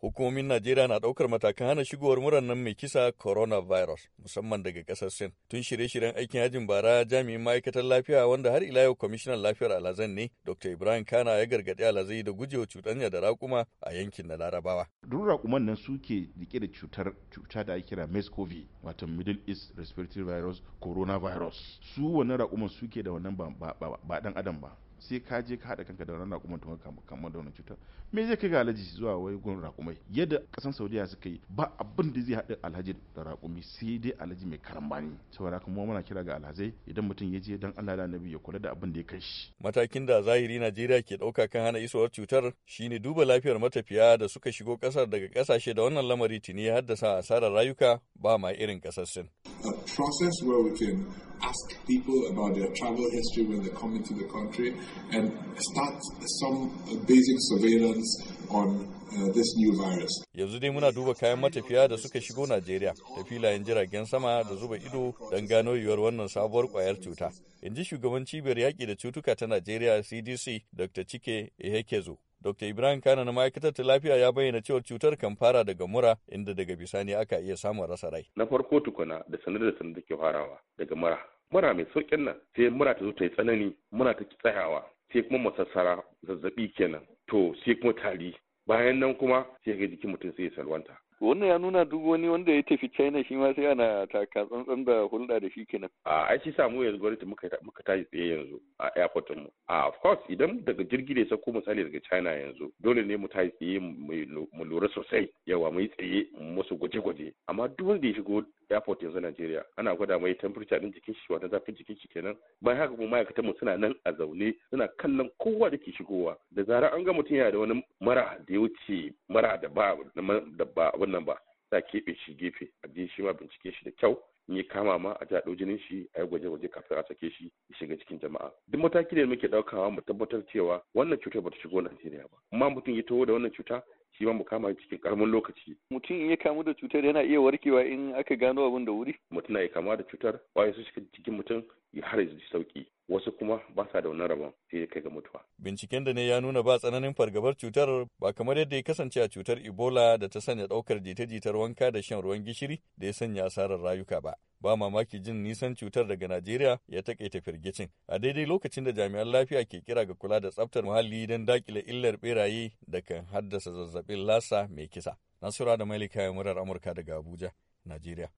hukumomin Najeriya na ɗaukar matakan hana shigowar muran nan mai kisa coronavirus musamman daga kasar Sin. Tun shirye-shiryen aikin hajin bara jami'in ma'aikatar lafiya wanda har ila yau kwamishinan lafiyar alazan ne Dr. Ibrahim Kana ya gargaɗi alazai da gujewa cuɗanya da raƙuma a yankin na Larabawa. Duk raƙuman nan suke rike da cutar cuta da ake kira MERS-CoV wato Middle East Respiratory Virus coronavirus. Su wannan raƙuman suke da wannan ba ɗan adam ba. sai ka je ka haɗa kanka da wannan raƙuman tun ka kama da wannan cutar me zai kai ga alhaji zuwa wai gun raƙumai yadda ƙasan saudiya suka yi ba abin da zai haɗa alhaji da raƙumi sai dai alhaji mai karambani saboda haka mu muna kira ga alhazai idan mutum ya je dan Allah da annabi ya kula da abin da ya kai shi matakin da zahiri Najeriya ke dauka kan hana isowar cutar shine duba lafiyar matafiya da suka shigo kasar daga ƙasashe da wannan lamari tuni ya haddasa asarar rayuka ba ma irin ƙasar Sin. process where we can ask people about their travel history when they come into the country and start some basic surveillance on uh, this new virus. Yanzu dai muna duba kayan matafiya da suka shigo Najeriya da filayen jiragen sama da zuba ido don gano yiwuwar wannan sabuwar kwayar cuta. In ji shugaban cibiyar yaƙi da cutuka ta Najeriya CDC Dr. Chike Ehekezo. Dr. Ibrahim Kano na ma'aikatar ta lafiya ya bayyana cewa cutar kan fara daga mura inda daga bisani aka iya samun rasa rai. Na farko tukuna da sanar da sanar da ke farawa daga mura. Mura mai sauƙin nan sai mura ta zo ta yi tsanani mura ta ki tsayawa sai kuma masassara zazzabi kenan to sai kuma tari bayan nan kuma sai ga jikin mutum sai ya salwanta wannan ya nuna duk wani wanda ya tafi china shi ma sai ana taka tsantsan da hulɗa da shi kenan a ai shi samu yanzu ta muka tashi tsaye yanzu a airport mu a of course idan daga jirgi ne sako misali daga china yanzu dole ne mu tashi tsaye mu lura sosai yawa mu yi tsaye musu gwaje-gwaje amma duk wanda ya shigo airport yanzu Najeriya ana gwada mai temperature din jikin shi wato zafin jikin shi kenan bayan haka kuma ma'aikatan mu suna nan a zaune suna kallon kowa da ke shigowa da zarar an ga mutum yana da wani mara da ya wuce mara da ba da ba wannan ba za a keɓe shi gefe a je shi ma bincike shi da kyau in yi kama ma a jaɗo jinin shi a yi gwaje-gwaje kafin a sake shi ya shiga cikin jama'a duk mataki ne muke ɗaukawa mu tabbatar cewa wannan cutar bata shigo Najeriya ba amma mutum ya taho da wannan cuta shi ma mu kama cikin karamin lokaci mutum in ya kamu da cutar yana iya warkewa in aka gano abin da wuri mutum na iya kama da cutar waye su shiga cikin mutum ya har ya sauki wasu kuma ba sa da wannan rabon Binciken da ne ya nuna ba tsananin fargabar cutar ba kamar yadda ya kasance a cutar Ebola da ta sanya daukar jita-jitar wanka da shan ruwan gishiri da ya sanya asarar rayuka ba. Ba mamaki jin nisan cutar daga Najeriya ya takaita firgicin. A daidai lokacin da jami'an lafiya ke kira ga kula da tsaftar muhalli don dakile illar beraye da kan haddasa zazzabin lasa mai kisa. Nasura da Malika murar Amurka daga Abuja, Najeriya.